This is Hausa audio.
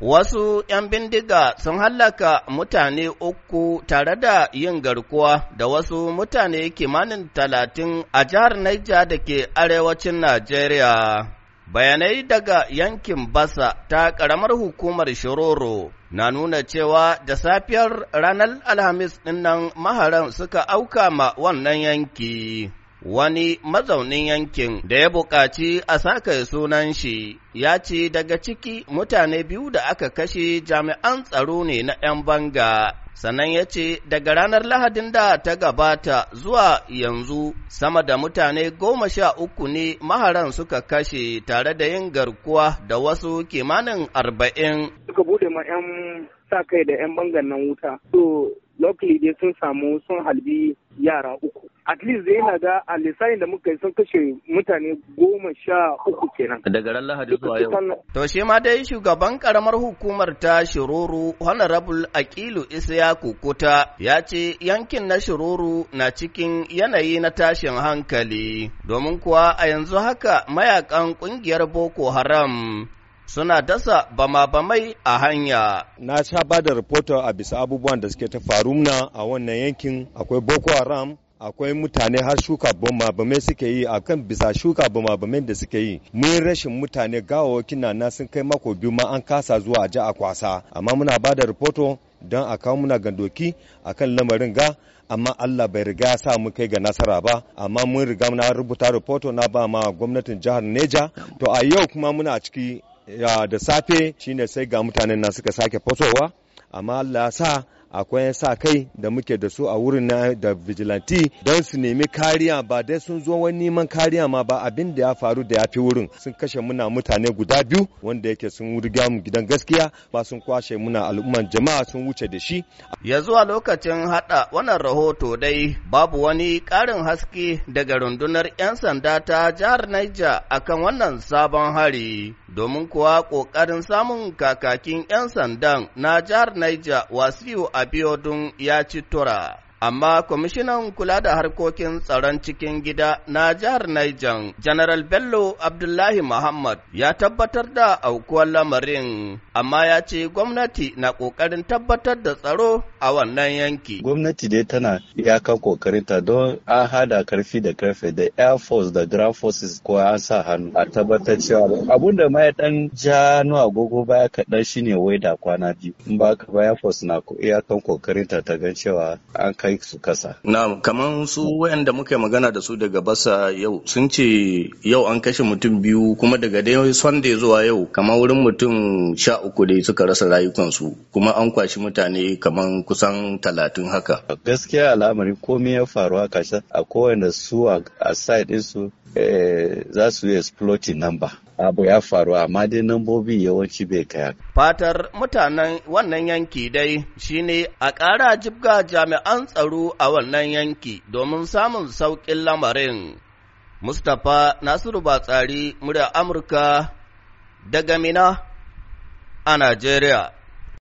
Wasu ‘yan bindiga sun hallaka mutane uku tare da yin garkuwa da wasu mutane kimanin talatin a jihar Niger da ke arewacin Najeriya. Bayanai daga yankin Basa ta ƙaramar hukumar Shiroro na nuna cewa da safiyar ranar Alhamis ɗinnan maharan suka auka ma wannan yanki. wani mazaunin yankin da ya buƙaci a saka sunan shi ya ce daga ciki mutane biyu da aka kashe jami'an tsaro ne na 'yan banga sannan ya ce daga ranar lahadin da ta gabata zuwa yanzu sama da mutane goma sha uku ne maharan suka kashe tare da yin garkuwa da wasu kimanin arba'in suka bude ma 'yan sa kai da 'yan bangan nan wuta so locally dai sun samu sun halbi yara uku at least yana da a lissani da muka yi sun kashe mutane goma sha uku kenan. Daga ran Lahadi zuwa yau. To shi ma dai shugaban karamar hukumar ta Shiroro Honorable Akilu ya Kukuta, ya ce yankin na Shiruru na cikin yanayi na tashin hankali domin kuwa a yanzu haka mayakan kungiyar Boko Haram suna dasa bama-bamai a hanya. Na sha ba da rahoton a bisa abubuwan da suke ta faru na a wannan yankin akwai Boko Haram akwai mutane har shuka boma bame suke yi akan bisa shuka boma bame da suke yi mun rashin mutane gawawakin na na sun kai mako biyu ma an kasa zuwa a a kwasa amma muna ba da rahoto don a kawo muna gandoki akan lamarin ga amma Allah bai riga sa mu kai ga nasara ba amma mun riga na rubuta rahoto na ba ma gwamnatin jihar Neja to a yau kuma muna ciki da safe shine sai ga mutanen na suka sake fasowa amma Allah sa akwai sa kai da muke da su a wurin na da vigilante don su nemi kariya ba dai sun zo wani neman kariya ma ba abin da ya faru da ya fi wurin sun kashe muna mutane guda biyu wanda yake sun riga mu gidan gaskiya ba sun kwashe muna al'umman jama'a sun wuce da shi ya zuwa lokacin hada wannan rahoto dai babu wani karin haske daga rundunar 'yan sanda ta jihar Niger akan wannan sabon hari domin kuwa kokarin samun kakakin 'yan sandan na jihar Niger Wasiu Abiodun ya ci tura amma kwamishinan kula da harkokin tsaron cikin gida na jihar Niger, General Bello Abdullahi Muhammad ya tabbatar da aukuwar lamarin, amma ya ce gwamnati na ƙoƙarin tabbatar da tsaro a wannan yanki. Gwamnati dai tana iyaka ƙoƙarinta don an hada karfi da karfe da Air Force da Ground Forces ko an sa hannu a tabbatar cewa abun da ma ya dan ja agogo baya kaɗan shine wai da kwana biyu. In ba ka ba Air Force na iyakan ƙoƙarinta ta gan cewa an kai su kasa. Na'am, kaman su wayanda muka magana da su daga basa yau sun ce yau an kashe mutum biyu kuma daga dai Sunday zuwa yau kamar wurin mutum sha uku dai suka rasa rayukansu kuma an kwashi mutane kaman kusan talatin haka. Gaskiya al'amari komai ya faru kashe a kowane su a side su Eh, za su yi exploiting number abu ya faru amma dai nambobi yawanci bai kaya. Fatar mutanen wannan yanki dai shine a ƙara jibga jami'an tsaro a wannan yanki domin samun saukin lamarin. Mustapha Nasiru Batsari, murya Amurka daga Mina a Najeriya.